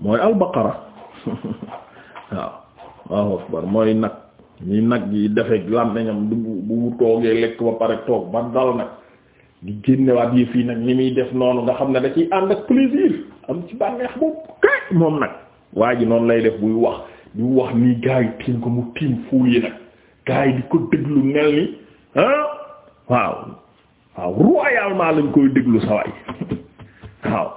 mooy albaqara waaw Allahu mooy nag ñi nag yi defeek làmmiñam du bu toogee lekk ba pare toog ba dal nag di génnewaat yi fii nag ni muy def noonu nga xam ne da ciy ànd ak plaisir am ci bànneex boobu kay moom nag waa ji noonu lay def buy wax di wax ni gaa yi tiim ko mu tiim fuul yi nag gaa yi di ko déglu mel ni ah waaw waaw royalement lañ koy déglu sawaay waaw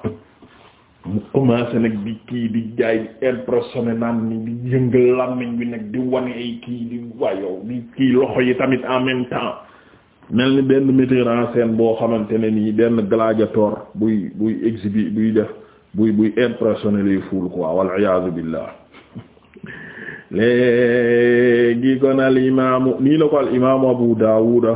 mu commencé nag di kii di jaay di impressionné naan ni di yëngal làmmiñ bi nag di wane ay kii di kii loxo yi tamit en même temps mel ni benn metteur en boo xamante ne nii benn gladiateur buy buy exhibi buy def buy buy impressionné les foules quoi wal iyaazu billah léegi kon al imaamu nii la ko al imaamu Abu Daawuda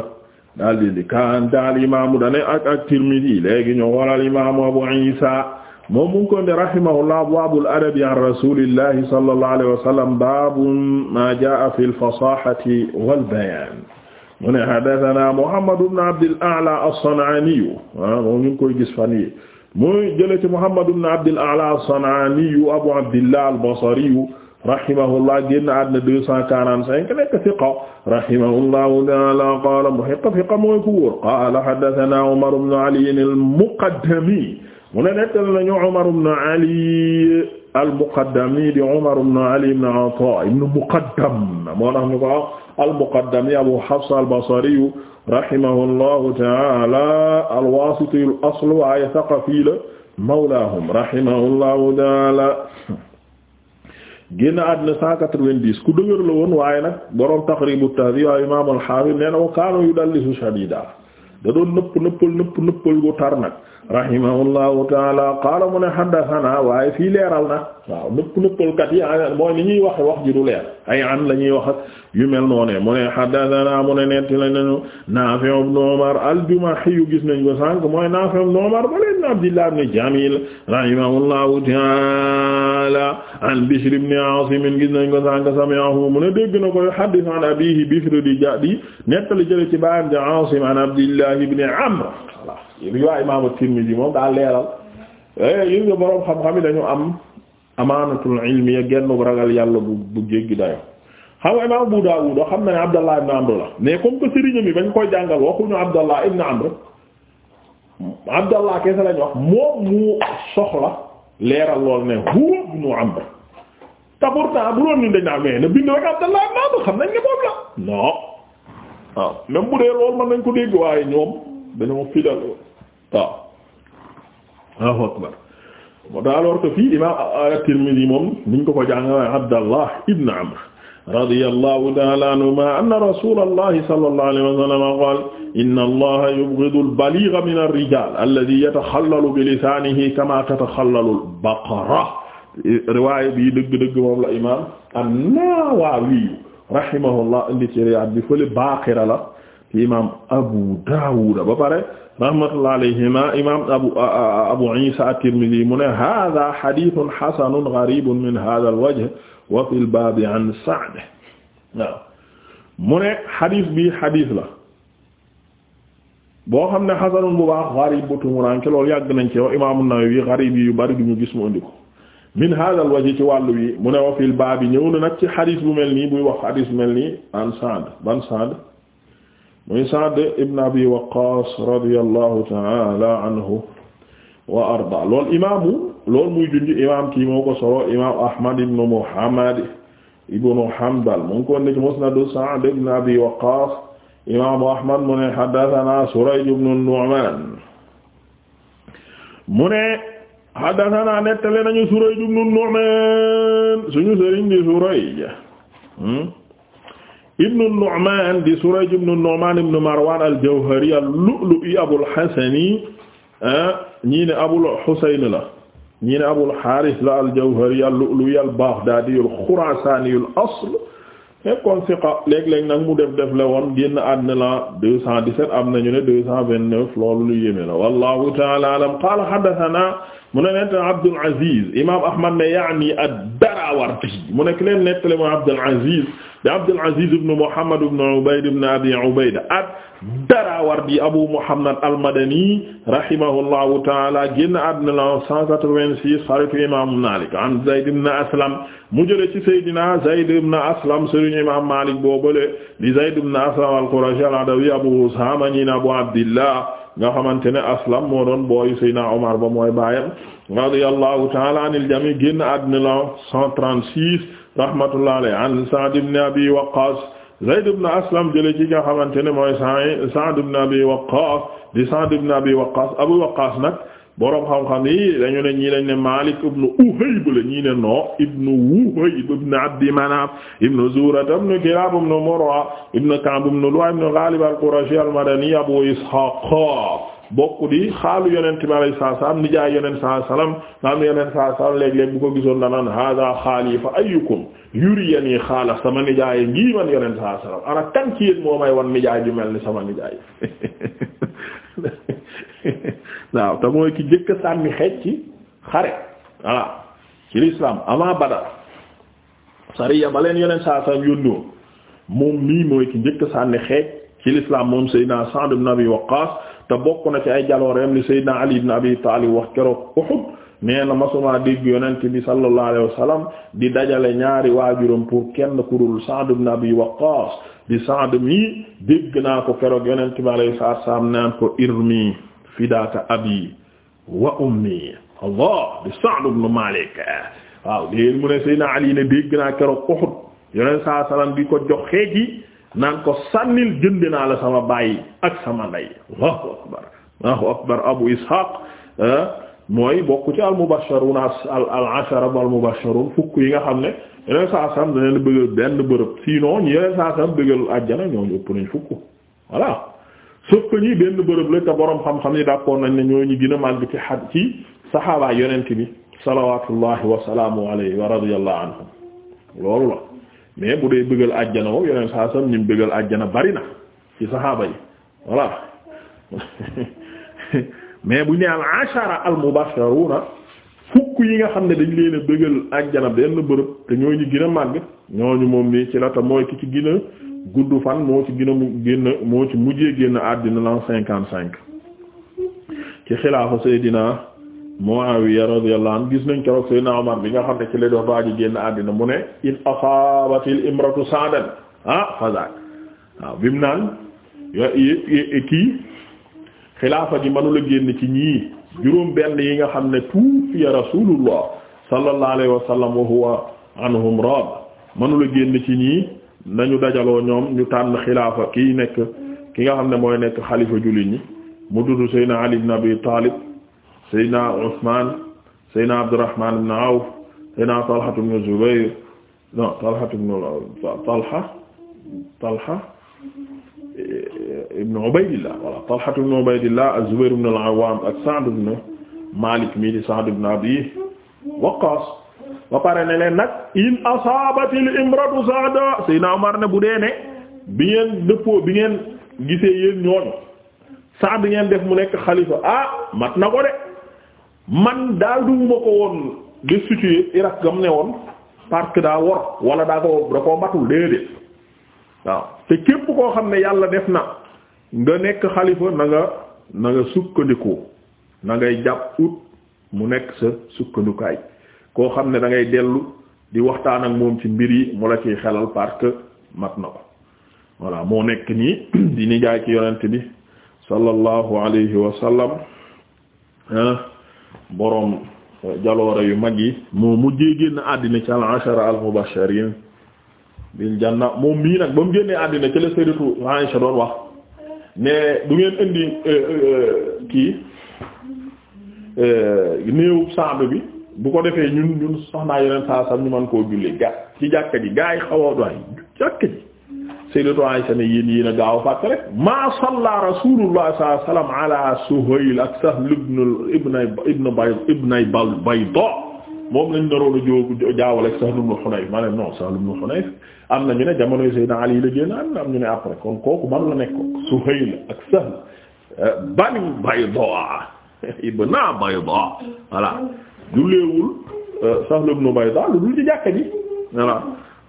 daal di di kan daal imaamu dane ak ak Tirmidhi léegi ñoo wal al imaamu Abu Isa moom mu ngi ko indi rahimahullah abwaabul adabi an rasuulillahi sallallahu alayhi wa sallam baabun maa jaa'a fil fasaahati wal bayaan mu ne haddasanaa Muhammadu ibn Abdil A'laa as-San'aaniyu ah, moom ñu ngi koy gis fan yi muy jële ci Muhammadu ibn Abdil A'laa as-San'aaniyu Abu Abdillah al-Basriyu rahimahullah génn àddina deux cent quarante-cinq nekk thiqa rahimahullahu ta'aala qaala muhiqqa thiqa mooy ku wóor qaala haddasanaa Umar ibn Ali al-Muqaddami mu ne nettal nañu Umar ibn Ali al-Muqaddami di Umar ibn Ali ibn Ata ibn Muqaddam moo tax ñu ko wax al-Muqaddami Abu Hafs al-Basri rahimahullahu ta'ala al-Wasiti al-asl waaye Thaqafi la mawlaahum rahimahullahu ta'ala génn àddina 190 ku dëgër la woon waaye nag borom Taqrib at-Tahdhib waaye imaam al-Hafiz nee na wa kaanu yudallisu shadiida da doon nëpp nëppal nëpp nëppal gu tar nag rahimahullahu taala qaala mu ne haddathana waaye fii leeral na waaw nëpp nëppalkat yi mooy li ñuy waxe wax ji du leer ay an la ñuy wax ak yu mel noonee mu ne haddathana mu ne netti la nañu Naafi' ibn Umar al-Jumahi yu gis nañ ko sànq mooy Naafi' ibn Umar bale ibn Abdillah ibn Jamil rahimahullahu taala an Bishr ibn Asim gis nañ ko sànq sami'ahu mu ne dégg na ko hadith an abihi Bishr di ja di nettali jële ci baayam di Asim an Abdillah ibn Amr riwaay imaam at-Tirmidhi moom daa leeral eh, yi nga boroom xam-xam yi dañu am amaanatul ilmi ya genn ragal yàlla bu bu jéggi dayo xam nga imaam Abu Dawud xam na ne Abdallah ibn Amr la mais comme que sëriñ mi bañ koy jàngal mu soxla leeral lool ne huwa ibn Amr te pourtant bu doon ñu dañ xam nañ ne moom la non waaw ah, dee loolu mën nañ ko dégg waaye ñoom dañoo fidèle waaw Allahu akbar alors que fii imam at-Tirmidhi moom niñ ko ko jàngawaay Abdallah ibn Amr radiyallahu ta'ala anhuma anna rasulallahi sallallahu alayhi wa sallam qala inna allaha yubghidu al-baligha min ar-rijal alladhi yatakhallalu bi lisanihi kama tatakhallalu al-baqara riwaaya bi dëgg-dëgg moom la imam an-Nawawi rahimahullah indi ci Riyaad bi fële Baqira la ci imam Abu Dawud ba pare rahmatullah alayhima imam abu abu isa at-tirmidhi mu ne hadha hadithun hasanun min hadha al-wajh wa an sa'd waaw mu ne hadith bi hadith la xam ne hasanun bu baax gharib bu tumuranke loolu yàgg nañ ci imam nawawi gharib yu bari duñu gis mu indi ko min hadha al ci wàllu wi mu ne wa fil bab ñëw na nag ci hadith bu mel nii buy wax hadith mel nii an sa'd muy Sa'd ibn Abi Waqqas radiyallahu ta'ala anhu wa arda loolu imaamu loolu muy junj imaam kii moo ko solo imaam Ahmad ibn Muhammad ibn Hanbal mu ngi ko nekk Musnad Sa'd ibn Abi Waqqas imaamu Ahmad mu ne haddathana Surayj ibn Nu'man mu ne haddathana nettali nañu Surayj ibn Nu'man suñu sëriñ di Surayj hmm? ibnu Nu'man di Surayj ibnu Nu'man ibnu Marwan al-Jawhari al-Lu'lu'i Abul Hasani ah, ñii ne Abul Husayn la ñii ne Abul Harith la al-Jawhari al-Lu'lu'i al-Baghdadi al-Khurasani al-asl léeg nag mu def def la woon génn àddina la 217 am nañu ne 229 loolu lu yéeme la wallahu ta'ala a'lam qala haddathana mu ne nent Abdul mu nekk leen di Abdul Aziz ibn Muhammad ibn Ubayd ibn Abi Ubayda ad-Darawardi Abu Muhammad al-Madani rahimahullahu ta'ala génn àddina la 186 xaritu imaamu Maalik an Zayd ibn Aslam mu jële ci Seydina Zayd ibn Aslam sëriñ imaam Maalik boobale di Zayd ibn Aslam al-Qurashi al-Adawi Abu Usaama ñi Abu Abdillah nga xamante ne Aslam moo doon booy Seydina Omar ba mooy baayam radiyallahu ta'ala anil jamii génn àddina la 136 rahmatullah alayhi an Sa'd ibn Abi Waqqas Zayd ibn Aslam jële ci nga xamante ne mooy Sa'd ibn Abi Waqqas di Sa'd ibn Abi Waqqas Abu Waqqas nag boroom xam-xam yi dañu ne ñii dañ ne Malik ibn Uhayb la ñii ne no ibn Wuhayb ibn Abdi Manaf ibn Zuhra ibn Kilab ibn Murra ibn Ka'b ibn Lu'ay ibn Ghalib al-Qurashi al-Madani Abu Ishaq bokk di xaalu yonent bi alayhi salaam nijaay yonent saa salaam naam yonent saa salaam léeg-léeg bu ko gisoon danaan hada xaali fa ayyukum yuriyan yi xaala sama nijaay ngii man yonent saa salaam ana kan ci yéen moo may wan nijaay ju mel ni sama nijaay waaw te mooy ki jëkk sànni xeej ci xare voilà ci l'islam avant Badar sariya ba leen yonent saa salaam yónni moom mii mooy ki njëkk sànni xeej ci l'islam moom Seydina Sa'd ibn Abi Waqqas te bokk na ci ay jalooreem li Seydina Ali ibn Abi Talib wax keroog Uhud nee na masuma dégg yonent bi sallallahu alayhi wa di dajale ñaari waajuram pour kenn kurul Sa'd ibn Abi Waqqas di Sa'd mi dégg naa ko keroog yonent bi alayhi ko irmi fidaaka abi wa ummi Allah di Sa'd ibn Malik waaw léegi mu ne Seydina Ali ne dégg naa keroog Uhud yonent saa salaam di ko jox xeeji naan ko sànnil jënd naa la sama baay ak sama ndey allahu akbar allahu akbar abu ishaq ah, mooy bokk ci al al al ashara fukk yi nga xam ne yeneen saa saam dana la bëggal benn bërëb sinon ñi yeneen saa saam bëggal àjjana ñooñu ëpp nañ fukk voilà sauf que benn bërëb la te boroom xam-xam yi d'accord nañ ne ñooñu gën a bi ci xad ci saxaabaa yonent bi salawaatullahi wa salaamu alayhi wa radiyallahu anhum loolu la mais bu dee bëggal àjjana moom yeneen saa sam ñim bëggal àjjana bari na ci saxaaba yi voilà mais bu ñu al ashara al mubasharuna fukk yi nga xam ne dañ leen a bëggal àjjana benn bërëb te ñooñu gën a màgg ñooñu moom nii ci la mooy ki ci gën gudd fan moo ci gën mu génn moo ci mujjee génn àddina lan cinquante cinq ci xilaafa Seydina Muawiya radiyallahu anhu gis nañ keroog Seydina Omar bi nga xam ne ci la doon waaj a génn àddina mu ne in asaabatil imratu sa'dan ah fazaak waaw bi mu naan kii xilaafa gi mënula génn ci ñii juróom benn yi nga xam ne tuufiya rasulullah sallallahu alayhi wa sallam wa huwa anhum raad mënula génn ci ñii nañu dajaloo ñoom ñu tànn xilaafa kii nekk ki nga xam ne mooy nekk xalifa jullit ñi mu dudd Seydina Ali ibn Abi Talib Seydina Ousmane Seydina Abdourahmane ibn Awf Seydina Talha ibn Zubayr non Talha ibn Talha Talha ibn Ubaydillah voilà Talha ibn Ubaydillah ak Zubayr ibn al-Awwam ak Sa'd ibn Malik mi di Sa'd ibn Abi Waqqas ba pare ne leen nag in asaabatil imratu saada Seydina Umar ne bu dee ne bi ngeen dëppoo bi ngeen gisee yéen ñooñu sax bi ngeen def mu nekk xalifa ah mat na ko de man daal duwuma ko woon destitué Irak gam ne woon parce daa wor wala daa ko da koo matul déedéet waaw te képp koo xam ne yàlla def na nga nekk xalifa na nga na nga sukkandiku na ngay jàpp ut mu nekk sa sukkandikaay koo xam ne da ngay dellu di waxtaan ak moom ci mbir yi mu la ciy xelal parce que mat na ko voilà moo nekk nii di nijaay ci yonent bi sallallahu alayhi wa boroom eh, jaloore yu mag yi moo mujjee génn àddina ci al ashara al mubashirin bil janna moom mii nag ba mu génnee àddina ci la sayyidatu Aisha doon wax ne du ngeen indi eh, eh, kii néewub saabe bi bu ko defee ñun ñun soxnaa yeneen saa sam ñu mën koo julli ga ci jàkka ji gaa yi xaw a jàkka ji sayyidatu Aisha ne yéen yéen a gaaw a fàtte rek maa salla rasulullah sallallahu alayhi wasallam ala Suhayl ak Sahl ibn ibn ibn ibn Bayda moom lañ naroon a jóg jaawale ak Sahl ibn Hunayf ma ne non Sahl ibn Hunayf am na ñu ne jamonoy sayyidina Ali la na am ñu ne après kon kooku la nekk Suhayl ak Sahl bani Bayda ibn Bayda voilà julleewul euh, Sahl ibn Bayda lu dul ci jàkka ji voilà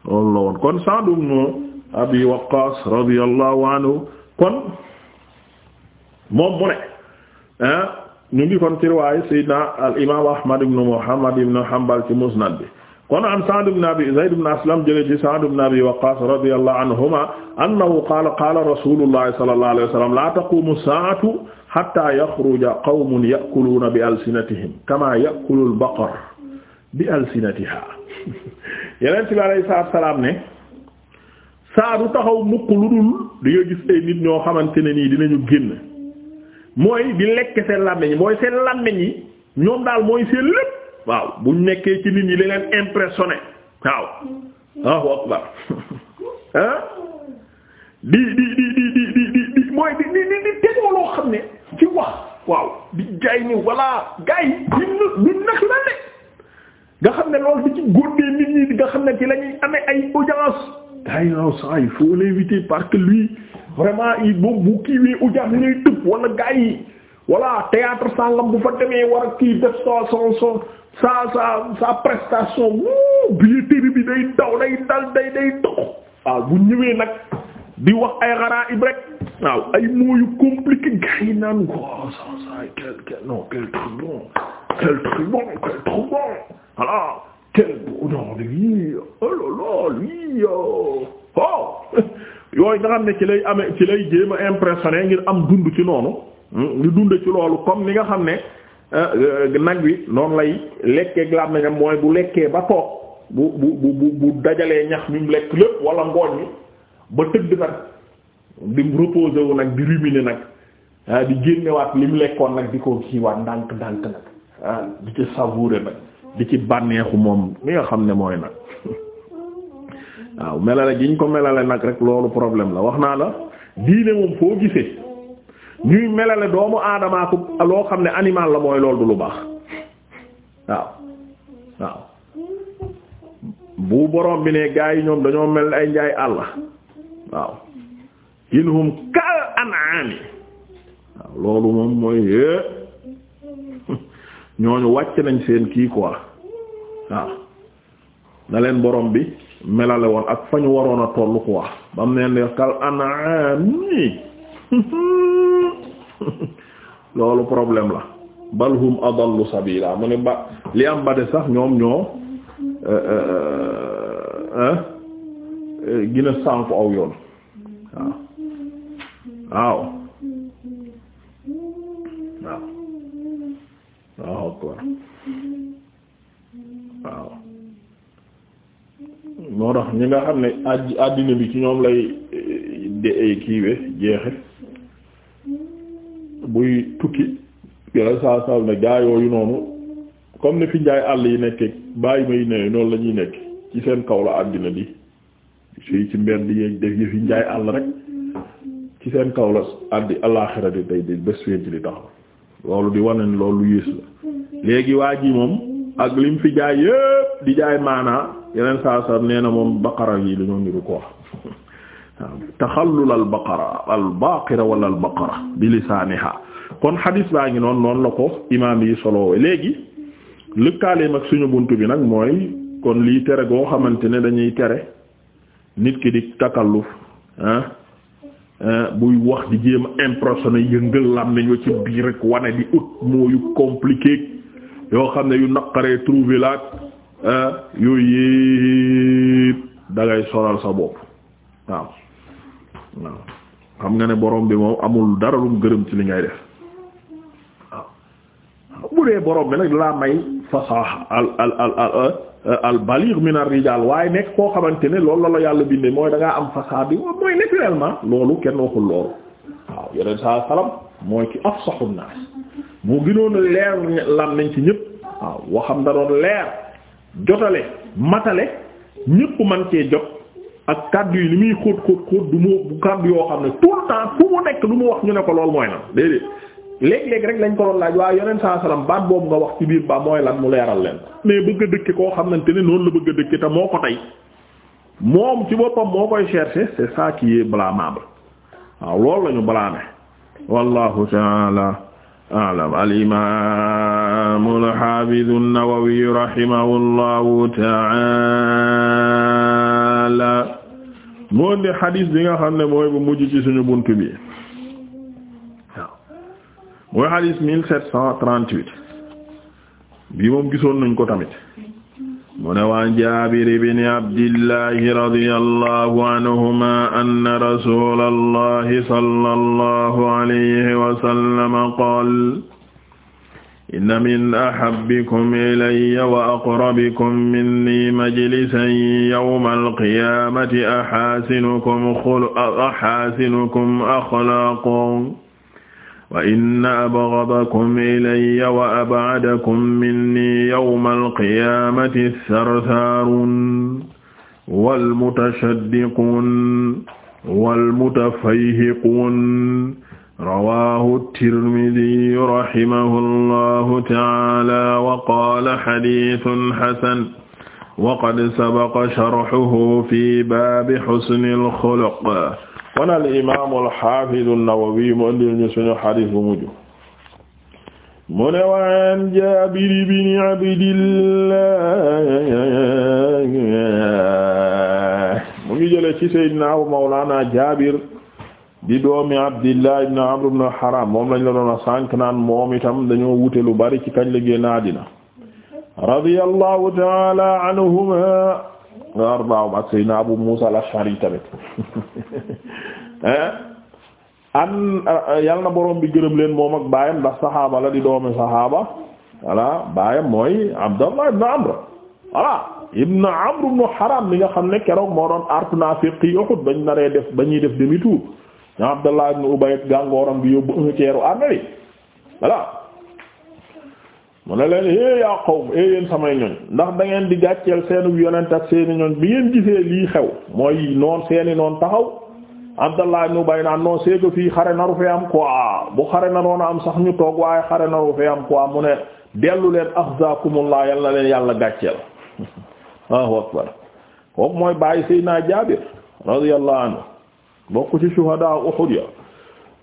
loolu la woon kon Sahl ibn abi waqaas radiyallahu anhu kon moom mu ne ah, ñu ngi kon ci riwaayu sayyidina al imaam ahmad ibn muhammad ibn hanbal ci musnad bi kon an Sa'd ibn Abi Zayd ibn Aslam jëlee ci Sa'd ibn Abi Waqqas radiyallahu anhuma annahu qaala qaala rasuulullahi sallallahu alayhi wa sallam laa taquumu saa'atu hattaa yaxruja qawmun ya'kuluuna bi alsinatihim kamaa ya'kulul baqar bi alsinatihaa yeneen ci alayhi salaam ne saa du taxaw mukk lu dul di gis nit ñoo xamante ne nii dinañu génn mooy bi lekk seen làmmeñ yi mooy seen làmmeñ yi ñoom daal mooy seen lépp waaw buñ nekkee ci nit ñi li leen impressionné waaw waaw akbar di di di di di di mooy di di di di tegoo loo xam ne ci wax waaw di jaay ni walla gars yi ñu naturel ne nga xam ne lool di ci góor nit ñi nga xam ne ci lañuy amee ay audience ay non ça il faut l'éviter parce que lui vraiment il boobu bu kiiwee ujaat lay tëb wala gars yi voilà théâtre sangam bu fa demee war a kii def sa sa sa sa prestation wuu day daw day dal day day dox waaw bu ñëwee nag di wax ay xaraa ib rek ay mots yu compliqué gars yi naan waaw ça non quel truc bon quel truc bon quel truc bon voilà. quel beau nom de vie oh là là lui euh, oh yooyu nga xam ne ci lay ame ci lay jéem a impressionné ngir am dund ci noonu ngi hmm, dund ci loolu comme ni nga xam ne euh, nag wi noonu lay lekkee glaam nañam mooy bu lekkee ba toog bu bu bu bu dajalee ñax mi mu lekk lépp wala ngooñ mi ba tëdd nag di reposer wu nag di ruminer nag ah, di génnewaat li mu lekkoon nag di ko kiiwaat ndànk ndànk nag ah, di ci savourer nag di ci bànneexu moom mi nga xam ne mooy nag waaw melale gi ñu ko melale nag rek loolu problème la wax naa la diine moom foo gisee ñuy melale doomu aadamaa ko loo xam ne animal la mooy loolu du lu baax waaw waaw bu borom bi ne gaa yi ñoom dañoo mel ay njaay àll waaw inhum kal an'ami waaw loolu moom mooy ñooñu wàcc nañ seen kii quoi waaw na leen borom bi melale woon ak fa ñu waroon a tollu quoi bam neen de kal an'ami loolu problème la bal hum adallu sabila mu ne ba li am ba de sax ñoom ñoo gina euh, euh, euh, sànku aw yoon waaw waaw waaw waaw moo tax ñi nga xam ne àddina bi ci ñoom lay de kiiwe jeexe buy tukki yàlla saa saa ne gaa yooyu noonu comme ni fi njaay àll yi nekkee bàyyi may ne noonu la ñuy nekk ci seen kaw la àddina bi suy ci mbedd yeeg def yi fi njaay àll rek ci seen kaw la àddi alaaxira di day di bés wént di taxaw loolu di wane loolu yées la léegi waa ji moom ak lim fi jaay yépp di jaay maanaa yeneen saa saa nee na moom baqara yi dañoo niru ko wax taxallul al baqara al baqira wala baqara bi lisaaniha kon xadiis baa ngi noonu noonu la ko imaam yi solowee léegi lëkkaaleem ak suñu bunt bi nag mooy kon lii tere goo xamante ne dañuy tere nit ki di takalluf buy wax di jéem a impressionné yëngal làmmiñ wa ci biir rek wane di ut mooyu compliqué yoo xam ne yu naqaree trouver laak ah, yooyu yëpp da ngay sa bopp waaw waaw xam nga ne borom bi moom amul dara lu gërëm ci li ngay def waaw bu dee borom bi nag laa may fasaha al al al al al baligh min ar waaye nekk koo xamante ne loolu la yàlla bindee mooy dangaa am fasaha bi mooy naturellement loolu kenn waxul loolu waaw yeneen saa salaam. mooy ki afsaxu naas moo gënoon leer lan nañ ci ñëpp waaw waxam da doon leer jotale matale ñëpp man cee jot ak kàddu yi li muy xóot xóot xóot du mu bu yoo xam ne tout le temps fu mu nekk lu mu wax ñu ne ko lool mooy lan déedéet léeg-léeg rek lañ ko doon laaj waaye yoneen saa salaam baat boobu nga wax ci biir baa mooy lan mu leeral leen mais bëgg a dëkke koo xamante ne noonu la bëgg a dëkke te moo ko tey moom ci boppam moo koy chercher c'est ça qui est blâmable wallahu ta'ala a'lam al-imam al-hafiz an-Nawawi rahimahullahu ta'ala moo di xadis bi nga xam ne mooy bu mujj ci suñu bunt bi waaw mooy xadis mille sept cent trente-huit bi moom gisoon nañ ko tamit mu ne waan jaabir ibn abdillahi radiyallahu anhuma anna rasulallahi sallallahu alayhi wa sallam qaala inna min ahabbikum ilayya wa aqrabikum minni majlisan yawmal qiyaamati ahaasinukum axlaaqa wa inna abghadakum ilayya wa ab'adakum minni yawmal qiyaamati as-sarsaarun wal mutashaddiquun wal mutafayhiquun rawaahu at-Tirmidhi rahimahullahu ta'aala wa qaala hadiithun hasan wa qad sabaqa sharhuhu fi baabi husnil xuluq kon al imaam al xaafiz an-Nawawi mu indi ñu suñu xadiis bu mujj mu ne wa an Jaabir ibn Abdillah mu ngi jële ci Seydina Abu Mawlana Jaabir di doomi Abdillah ibn Amr ibn Haram moom lañ la doon a sànk naan moom itam dañoo wute lu bari ci kañ la génn àddina radiyallahu ta'ala anhuma arbaahum ak Seydina Abu Muusa al-Ash'ari tamit eh? eh, yal na borom bi gërëm leen moom ak baayam ndax saxaaba la di doomi saxaaba voilà baayam mooy Abdallah ibn Amr voilà ibn Amr ibn Haram mi nga xam ne keroog moo doon artu naafiq yi Uhud bañ naree def ba ñuy def demi tour ña Abdallah Ubay gàngooram bi yóbbu un tiers armée bi mu ne leen é eh yaa qawm é eh yéen samay ñoñ ndax dangeen di gàcceel seenu yonent ak seeni ñoñ bi ngeen gisee lii xew mooy noon seeni noon taxaw Abdallah ibn Ubay naan non c'est que fii xare naru fee am quoi bu xare na a am sax ñu toog waaye xare naru fee am quoi mu ne dellu leen axzaakumullah yal na leen yàlla gàcceel waaw akbar kooku mooy bàyyi Seydina Jaabir radiyallahu anhu bokk ci shuhadaa Uhud ya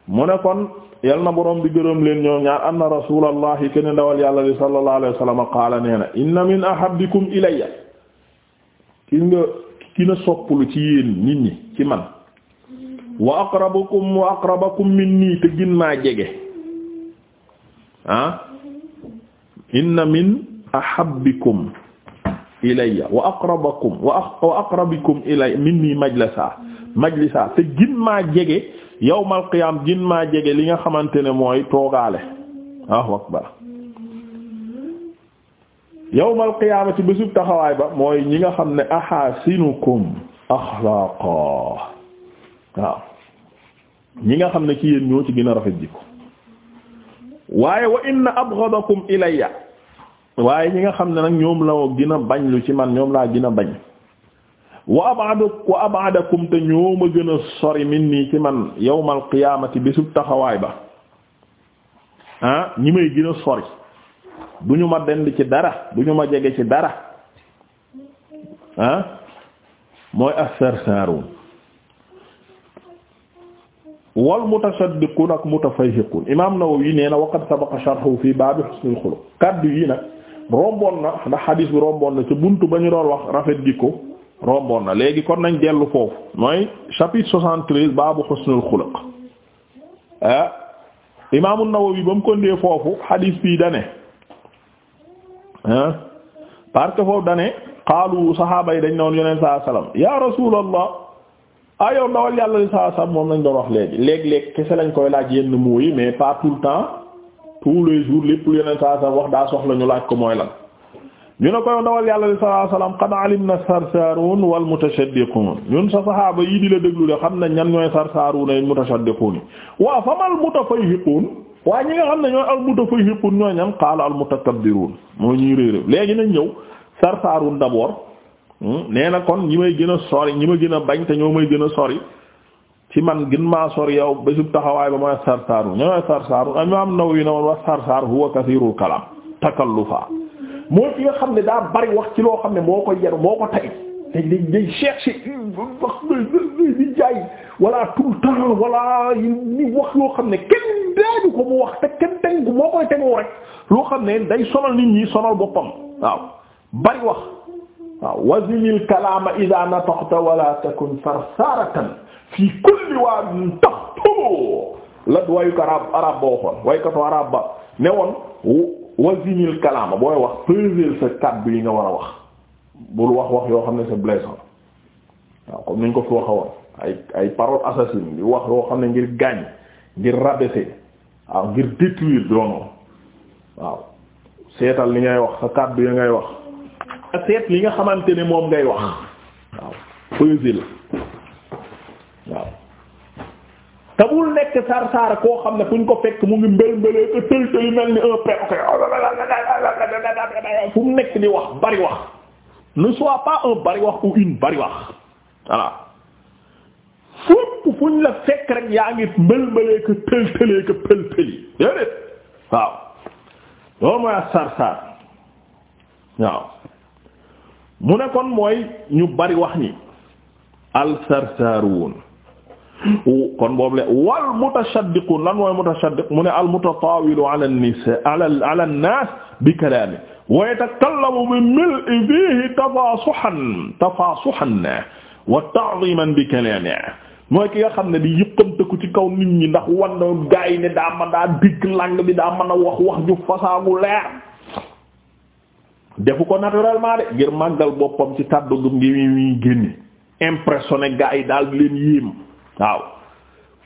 mu ne kon yal na boroom bi gërëm leen ñoom ñaar anna rasulallahi ken ndawal yàlla li sallallahu alayhi wa sallam qaala nee inna min ahabbikum ilayya ki nga ki na sopplu ci yéen nit ñi ci man wa aqrabukum wa aqrabakum minni te gin ah? min ahabbikum ilayya te gin maa jege yawmal qiyaam gin maa jege li nga xamante ne mooy toogaale waaw akbar yawmal taxawaay ba mooy ñi nga xam ne ahasinukum axlaaqa waaw ñi nga xam ne ci yéen ñoo ci gën a rafet jikko waaye wa inna abghadakum ilayya waaye ñi nga xam ne nag ñoom la gën a bañ lu ci man ñoom laa gën a bañ wa abadu wa abadakum te ñoo ma gën a sori min nii ci man yawmal qiyaamati bésub taxawaay ba ah ñi may gën a sori du ñu ma dend ci dara du ñu ma jege ci dara ah mooy as-sarsarun wal mutasaddiqun ak mutafahiqun imaam Nawawi nee na waqad sabaqa sharhu fi baabi husnil xuluq kaddu yi nag romboon na ndax xadiis bi romboon na ca buntu ba ñu doon wax rafet jikko romboon na léegi kon nañ dellu foofu mooy chapitre soixante-treize baabu xusnul xuluq ah imaam an-Nawawi ba mu ko ndee foofu hadis bi dane ah parce que foofu dane xaalu saxaaba yi dañ ne woon yonent saa salaam ya rasuulallah ah yow ndawal yàlla li saa salaam moom nañ doon wax léegi léeg-léeg kese lañ koy laaj yenn mots yi mais pas tout le temps tous les jours lépp lu yonent saa salaam wax daa soxla ñu laaj ko mooy lan. ñu ne koy ndawal yàlla li sallallahu alayhi wasallam qad alimna sarsarun wal mutashaddiqun ñun sa saxaaba yii di la déglu de xam nañ ñan ñooy sarsarun ay mutashaddiqun yi waa famal mutafayhiqun waa ñi nga xam ne ñooy al mutafayhiqun ñooy ñan qaala al mutakabbirun moo ñuy réeréew léegi nañ ñëw sarsarun d'abord hmm? nee na kon ñi may gën a sori ñi ma gën a bañ te ñoo may gën a sori ci man gën maa sori yow bésub taxawaay ba mooy sarsarun ñooy sarsarun imam Nawawi na woon wax sarsar huwa kathirul kalam moo ki nga xam ne daa bari wax ci loo xam ne moo ko yenu moo ko tay te dañ day chercher wax di wax yoo xam ne kenn daaju ko mu wax te kenn tegu moo rek loo xam ne day sonal nit ñi sonal boppam waaw bari wax waaw wazinil kalaama ida nataqta wala takun ne woon wasinil kalaama booy wax peser sa kàddu yi nga war a wax bul wax wax yoo xam ne c'est blessant waaw comme niñ ko fi waxee woon ay ay paroles assassines di wax yoo xam ne ngir gaañ ngir rabaisser waaw ngir détruire doonoon waaw seetal li ngay wax sa kàddu ya ngay wax a seet li nga xamante ne moom ngay wax waaw peser waaw te bul nekk sar sar koo xam ne fu ñu ko fekk mu ngi mbel mbelee te tël tël mel ni un perroquet fu mu nekk di wax bari wax ne sois pas un bari wax ou une bari wax voilà fépp fu ñu la fekk rek yaa ngi mbel mbelee que tël tëlee que pël pëli waaw loolu mooy ak sar waaw mu ne kon mooy ñu bari wax ñi al sarsaruun kon boobu le wal mutashaddiqun lan mooy mutashaddiq mu ne al mutatawilu ala an-nisa ala ala an-nas bi kalami wa yatakallamu bi mil'i fihi tafasuhan tafasuhan wa ta'dhiman bi kalami mooy ki nga xam ne di yëppanteku ci kaw nit ñi ndax wan na gaa a wax wax ju fasaagu leer defu ko naturellement de ngir màggal boppam ci kàddu gi muy génne impressionné gaa yi daal leen yéem waaw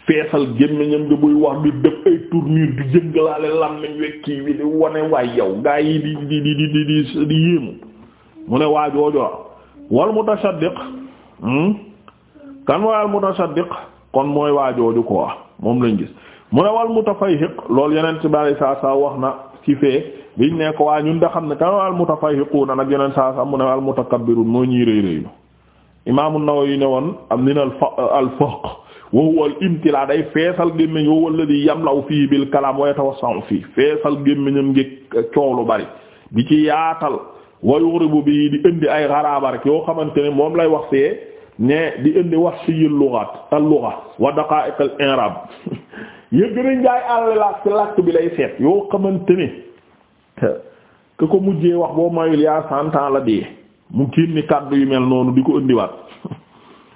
feesal gémmiñam nga buy wax di dëpp ay tournure di jëngalaale làmmiñ wekkii bi di wane waay yow gaa yi di di di di di di yéemu mu ne waa joojoo ah, wal mutashaddiq hmm? kan mooy al mutashaddiq kon mooy waa ko quoi moom lañ gis mu ne wal mutafayhiq loolu yeneen ci bari saa saa wax na ci fee biñ ne ko waa ñu da xam ne kan al mutafayhiquna nag yeneen saa saa mu ne al mutakabbirun moo ñii rëy rëylu imaam an-Nawawi ne woon am nina al-faqq wa huwa al-imtilaa day feesal gémmiñ wa huwa alladhi yamlaw fii bil kalaam wa yatawassa'u fii feesal gémmiñam ngi coow lu bari di ci yaatal wa yughribu bi di indi ay xaraaba rek yoo xamante ne moom lay wax fee ne di indi wax ci al-lughat al-lugha wa daqaa'iq al-i'raab yëgg nañ jaay àll la bi lay seet yoo xamante ne ku ko mujjee wax boo mayul yaa santaan la dee mu génne kàddu yu mel noonu di ko indiwaat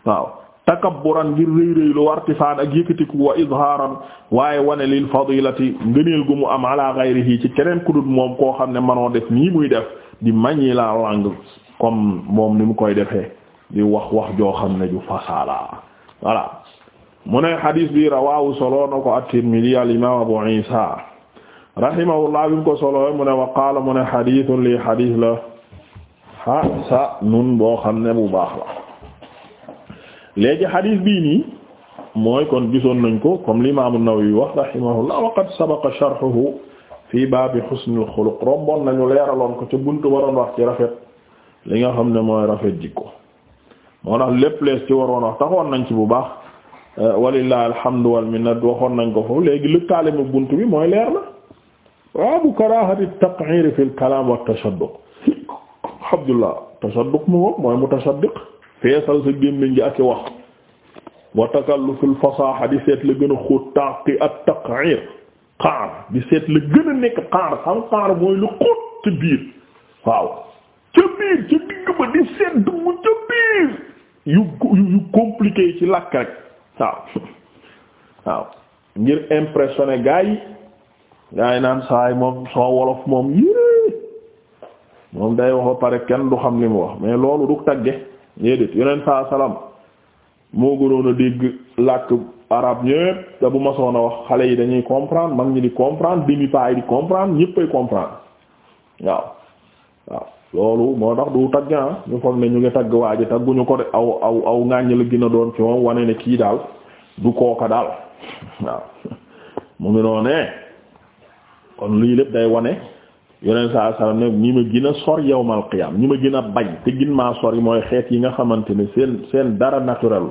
waaw takabburan ngir rëy rëy lu wartifaan ak yëkkatiku wa izhaaran waaye wane lil fadilati ngëneel gu mu am ala ghayrihi ci keneen ku moom koo xam ne manoo def ni muy def di manier la langue comme moom ni mu koy defee di wax wax joo xam ne ju fasaala voilà mu ne hadis bi rawahu solo no ko at-Tirmidhi al Abu Isa rahimahullah bi mu ko solo mu ne wa li hadith la ha sa nun boo xam ne bu baax la léegi xadiis bi nii mooy kon gisoon nañ ko comme l'imam an-Nawawi wax rahimahullah wa qad sabaqa sharhuhu fii baabi husnil xuluq romboon nañu leeraloon ko ci buntu waroon wax ci rafet li nga xam ne mooy rafet jikko moo tax lépp lees ci waroon wax taxoon nañ ci bu baax walillahi alhamdu wal minna waxoon nañ ko foofu léegi lëkkaale mu buntu bi mooy leer la baabu karaahati taqrir fil kalaam wa tashadduq Abdullah tasadduq mu moom mooy mu tasaddiq feesal sa gémmiñ gi ak i wax wa takalluful fasaaxa di seet la gën a xóot taqi ak taqir qaar di seet la gën a nekk qaar xam qaar mooy lu xóot ci biir waaw ca biir ca digg ba di seet dugg ca biir yu yu compliqué ci làkk rek waaw waaw ngir impressionner gaa yi naan saay moom soo wolof moom yée moom day wax ba pare kenn du xam li mu wax mais loolu du tagge déedéet yeneen saa salaam moo a làkk arab ñépp bu ma a wax xale yi dañuy comprendre mag ñi di comprendre demi paa yi di comprendre ñéppay comprendre waaw waaw loolu moo tax du tagg ah ñu foog ne ngi tagg waa ji tagguñu ko de aw aw aw ŋàññ la gën a doon ci moom wane ne kii daal du kooka daal waaw mu ngi noonee kon lii lépp day wane yonent saa salaam ne ñi ma gën a sor yawmal qiyaam ñi ma gën a bañ te gën maa sori mooy xeet yi nga xamante ne seen seen dara naturel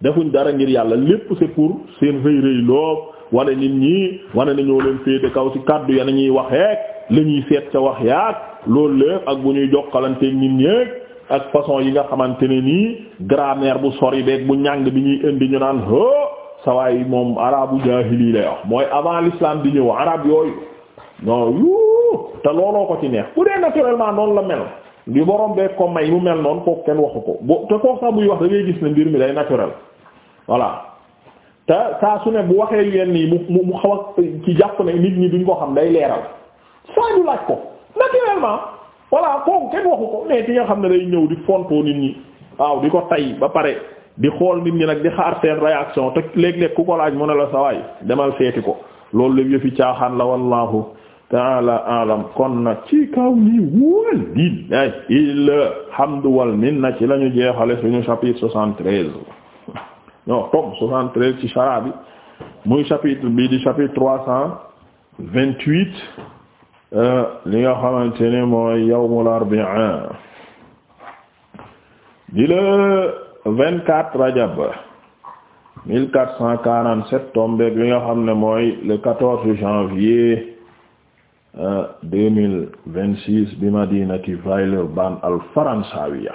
defuñ dara ngir yàlla lépp c'est pour seen rëy rëy loo wala nit ñi wane na ñoo leen féete kaw ci kàddu ya ñuy waxee la ñuy seet ca wax yaa loolu lépp ak bu ñuy jokkalanteeg nit ñeeg ak façon yi nga xamante ne nii grameer bu sori beeg bu ñàng bi ñuy indi ñu naan ho sawaay moom arabu jaahili lay wax mooy avant l'islam yooyu. non te looloo ko ci neex bu dee naturellement noonu la mel bi borom bee ko may mu mel noonu kooku kenn waxu ko bo te kooku sax buy wax da ngay gis ne mbir mi day naturel voilà te saa su ne bu waxee yenn yi mu mu xaw a ci jàpp ne nit ñi duñ ko xam day leeral saa ñu laaj ko naturellement voilà kenn waxu ko mais ki nga xam ne day ñëw di fontoo nit ñi waaw di ko tay ba pare di xool nit ñi nag di xaar seen réaction te léeg-léeg ku ko laaj mu ne la sa waay demal seeti ko loolu la yëfi caaxaan la wallaahu. taala alam kon nag ci kaw nii walillaahil hamdu wal minna ci lañu jeexale suñu chapitre soixante-treize non tome soixante-treize ci shara bi muy chapitre bi di chapitre trois cent vingt-huit euh, li nga xamante ne mooy yawmul arbi'a di le vingt-quatre rajab mille quatre cent quarante-sept tombe bi nga xam ne mooy le quatorze janvier deux mille vingt six bi madinati Villeurbanne al faransawiya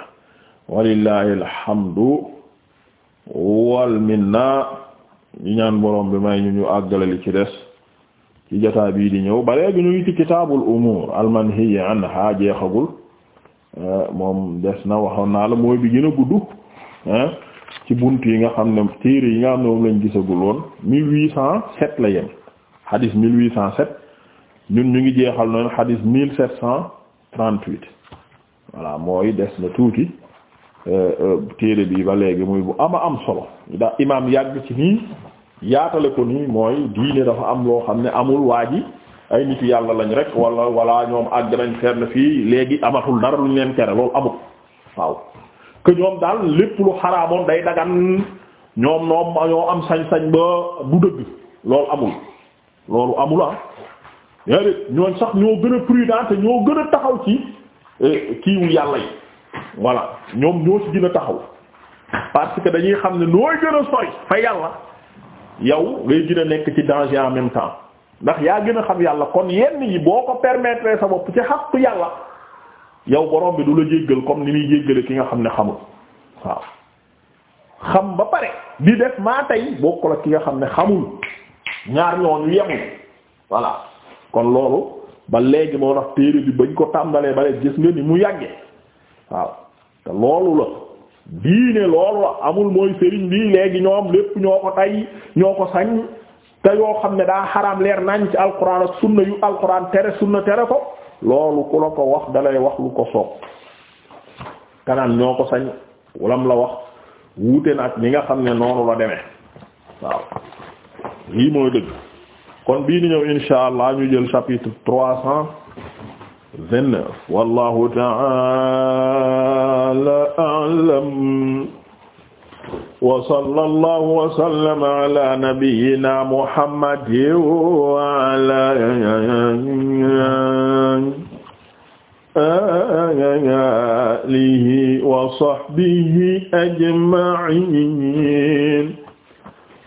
walillahi alhamdu wal minna ñu ñaan borom bi may ñu ñu àggale li ci des ci jotaay bii di ñëw ba léegi ñu ngi ci kitaabul umuur al manhiyyi anhaa jeexagul moom des na waxoon naa la mooy bi gën a gudd ci bunt yi nga xam ne téere yi nga xam ne moom lañ gisagul woon mille huit cent sept la yem hadis ñun ñu ngi jeexal noonu xadis mille sept cent trente-huit voilà mooy des na tuuti euh, euh, téere bii ba léegi muy bu ama am solo ndax imaam yàgg ci nii yaatale ko nii mooy diine dafa am loo xam ne amul waa ji ay nit yàlla lañ rek wala wala ñoom àgg nañ fenn fii léegi amatul dara luñ leen kere loolu amul waaw que ñoom daal lépp lu xaraamoon day dagan ñoom ñoom ñoo am sañ-sañ ba bu dëgg loolu amul loolu amul ah yaa dét ñooñ sax ñoo gën a prudent ñoo gën a taxaw ci eh, kiiwu yàlla yi voilà ñoom ñoo ci gën a taxaw parce que dañuy xam ne nooy gën a sori fa yàlla yow ngay gën a nekk ci danger en même temps ndax yaa gën a xam yàlla kon yenn yi boo ko permettre sa bopp ci xaq yàlla yow borom bi du la jéggal comme ni muy jéggale ki nga xam ne xamul waaw xam ba pare di def maa tey bokkul ak ki nga xam ne xamul ñaar ñooñu yemul voilà kon loolu ba léegi moo tax téere bi bañ ko tàmbalee ba léegi gis nga ni mu yàggee waaw te loolu la diine loolu la amul mooy sëriñ bi léegi ñoom lépp ñoo ko tay ñoo ko sañ te yoo xam ne daa xaraam leer nañ ci alquran ak sunna yu alquran tere sunna tere ko loolu ku la ko wax dalay wax lu ko soob kanaan ñoo ko sañ walam la wax wuute na ak nga xam ne noonu la demee waaw lii mooy dëgg kon bii di ñëw insha allah ñu jël chapitre trois cent vingt-neuf wallahu ta'ala a'lam wa sallallahu wa sallama ala nabiyyina muhammadin wa ala alihi wa sahbihi ajma'in